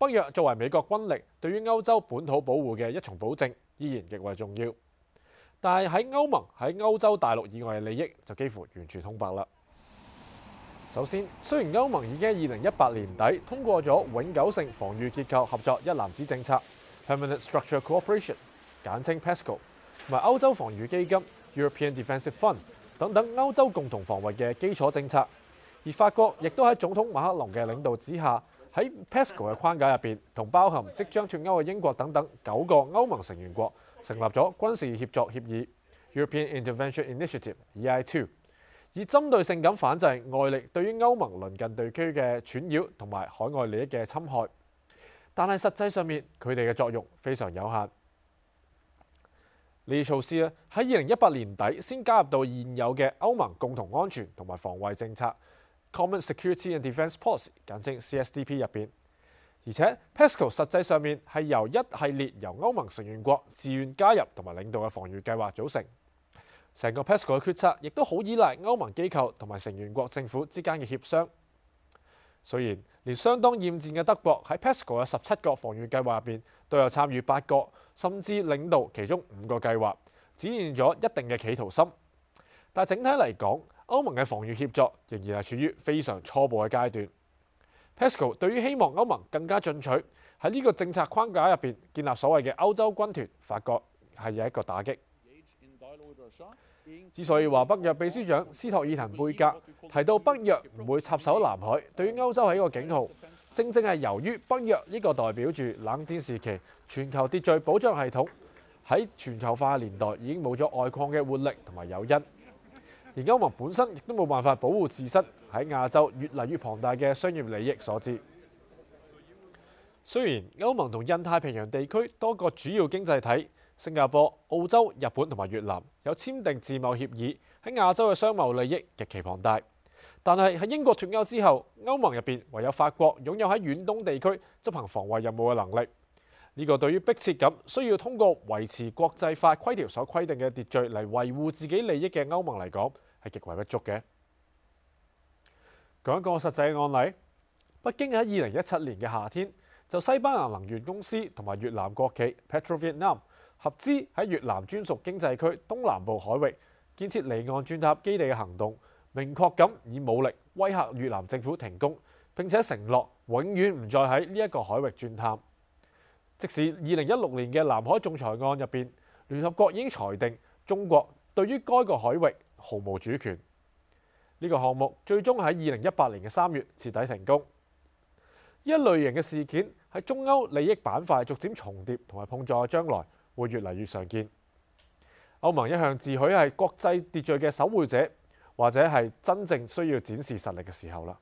北約作為美國軍力對於歐洲本土保護嘅一重保證，依然極為重要。但係喺歐盟喺歐洲大陸以外嘅利益就幾乎完全空白啦。首先，雖然歐盟已經二零一八年底通過咗永久性防禦結構合作一籃子政策 （Permanent Structure Cooperation，簡稱 PESCO） 同埋歐洲防禦基金 （European Defence Fund） 等等歐洲共同防衛嘅基礎政策，而法國亦都喺總統馬克龍嘅領導之下。喺 PESCO 嘅框架入邊，同包含即將脱歐嘅英國等等九個歐盟成員國，成立咗軍事協作協議 Okay. European Intervention Initiative（EI2） 以針對性咁反制外力對於歐盟鄰近地區嘅串擾同埋海外利益嘅侵害。但係實際上面，佢哋嘅作用非常有限。呢措施咧，喺二零一八年底先加入到現有嘅歐盟共同安全同埋防衛政策。Common Security and Defence Policy，簡稱 CSDP 入邊，而且 PESCO 實際上面係由一系列由歐盟成員國自願加入同埋領導嘅防禦計劃組成。成個 PESCO 嘅決策亦都好依賴歐盟機構同埋成員國政府之間嘅協商。雖然連相當厭戰嘅德國喺 PESCO 嘅十七個防禦計劃入邊都有參與八個，甚至領導其中五個計劃，展現咗一定嘅企圖心。但整體嚟講，歐盟嘅防禦協作仍然係處於非常初步嘅階段。PESCO 對於希望歐盟更加進取喺呢個政策框架入邊建立所謂嘅歐洲軍團，發覺係有一個打擊。之所以話北約秘書長斯托爾滕貝格提到北約唔會插手南海，對於歐洲係一個警號。正正係由於北約呢個代表住冷戰時期全球秩序保障系統喺全球化年代已經冇咗外擴嘅活力同埋誘因。而歐盟本身亦都冇辦法保護自身喺亞洲越嚟越龐大嘅商業利益所致。雖然歐盟同印太平洋地區多個主要經濟體，新加坡、澳洲、日本同埋越南有簽訂自貿協議，喺亞洲嘅商貿利益極其龐大，但係喺英國脫歐之後，歐盟入邊唯有法國擁有喺遠東地區執行防衛任務嘅能力。呢個對於迫切咁需要通過維持國際法規條所規定嘅秩序嚟維護自己利益嘅歐盟嚟講係極為不足嘅。講一個實際案例，北京喺二零一七年嘅夏天，就西班牙能源公司同埋越南國企 PetroVietnam 合資喺越南專屬經濟區東南部海域建設離岸鑽探基地嘅行動，明確咁以武力威嚇越南政府停工，並且承諾永遠唔再喺呢一個海域鑽探。即使二零一六年嘅南海仲裁案入邊，聯合國已經裁定中國對於該個海域毫無主權。呢個項目最終喺二零一八年嘅三月徹底停工。呢一類型嘅事件喺中歐利益板塊逐漸重疊同埋碰撞嘅將來會越嚟越常見。歐盟一向自詡係國際秩序嘅守護者，或者係真正需要展示實力嘅時候啦。